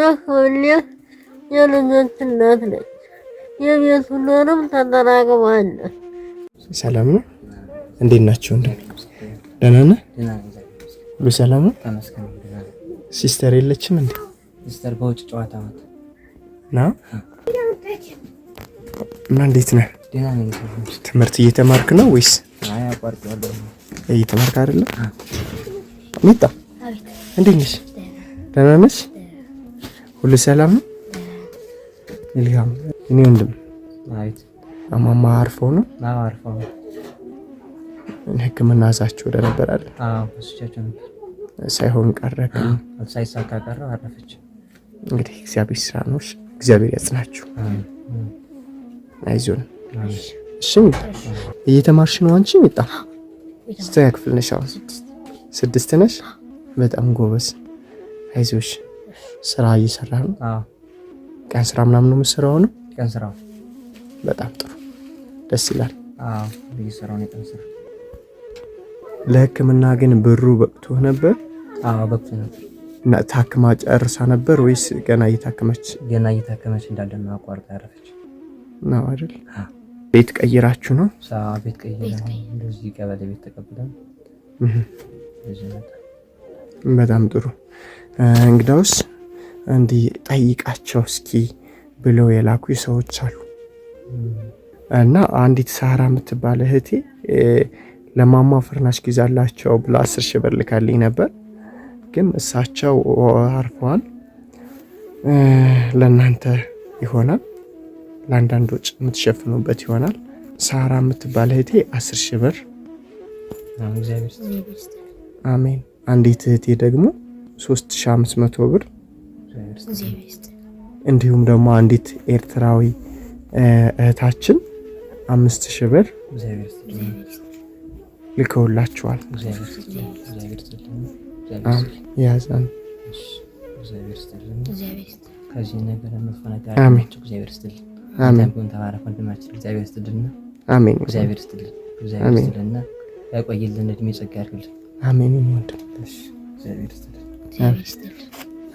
ያፈውልህ የልጆች እናት ነች። የቤት ሁሉንም ተጠራቅማለች። ሰላም ነው? እንዴት ናቸው? እንደ ደህና ነህ? ሁሉ ሰላም ነው? ሲስተር የለችም ሲስተር በውጭ ጨዋታ እና እንዴት ነህ? ትምህርት እየተማርክ ነው ወይስ እየተማርክ አይደለም? ሚጣ እንዴት ነሽ? ደህና ነሽ? ሁሉ ሰላም ነው። ይልካም እኔ ወንድም አይት አማማ አርፎ ነው። አዎ አርፎ ነው። እዛችሁ ወደ ነበር አይደል? አዎ እሱቻችሁ ነበር። ሳይሆን ቀረ ሳይሳካ ቀረ አረፈች። እንግዲህ እግዚአብሔር ስራ ነው። እግዚአብሔር ያጽናችሁ። አይዞን። እሺ እየተማርሽ ነው አንቺ? ስንተኛ ክፍል ነሽ? አሁን ስድስት ነሽ። በጣም ጎበዝ። አይዞሽ ስራ እየሰራ ነው? ቀን ስራ ምናምን ነው የምትሰራው? ነው ቀን ስራ። በጣም ጥሩ ደስ ይላል። ለህክምና ግን ብሩ በቅቶ ነበር? በቅቶ ነበር። ታክማ ጨርሳ ነበር ወይስ ገና እየታከመች? ገና እየታከመች እንዳለ ነው አቋርጣ ያረፈች ነው አይደል? ቤት ቀይራችሁ ነው? ቤት ቀይራ ቀበሌ ቤት ተቀብለን በጣም ጥሩ እንግዳውስ እንዲህ ጠይቃቸው እስኪ ብለው የላኩ ሰዎች አሉ እና አንዲት ሳራ የምትባል እህቴ ለማማ ፍርናሽ ግዛላቸው ብሎ አስር ሺህ ብር ልካልኝ ነበር። ግን እሳቸው አርፈዋል። ለእናንተ ይሆናል፣ ለአንዳንድ ወጪ የምትሸፍኑበት ይሆናል። ሳራ የምትባል እህቴ አስር ሺህ ብር አሜን። አንዲት እህቴ ደግሞ 3500 ብር እንዲሁም ደግሞ አንዲት ኤርትራዊ እህታችን አምስት ሺህ ብር ልከውላችኋል። ያዛን ከዚህ ነገር መፈናቀል አሜን።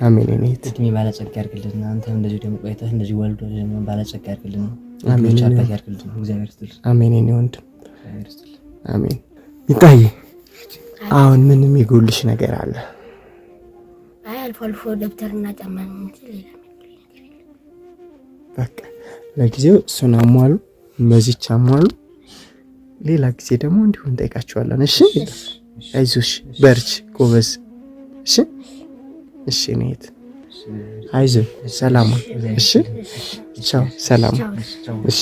አሜን። እኔት እድሜ ባለጸጋ ያርግልን። አንተ እንደዚህ ደግሞ ቆይተህ እንደዚህ ወልዶ ደግሞ ባለጸጋ ያርግልን። አሜን። አባት አሜን። እኔ ይታይ። አሁን ምንም የጎልሽ ነገር አለ? አይ አልፎ አልፎ ደብተርና ጫማ በቃ ለጊዜው እሱን አሟሉ፣ በዚች አሟሉ። ሌላ ጊዜ ደግሞ እንዲሁ እንጠይቃቸዋለን። እሺ፣ አይዞሽ፣ በርች፣ ጎበዝ እሺ እሺ እኔት አይዞህ፣ ሰላም እሺ፣ ቻው፣ ሰላም እሺ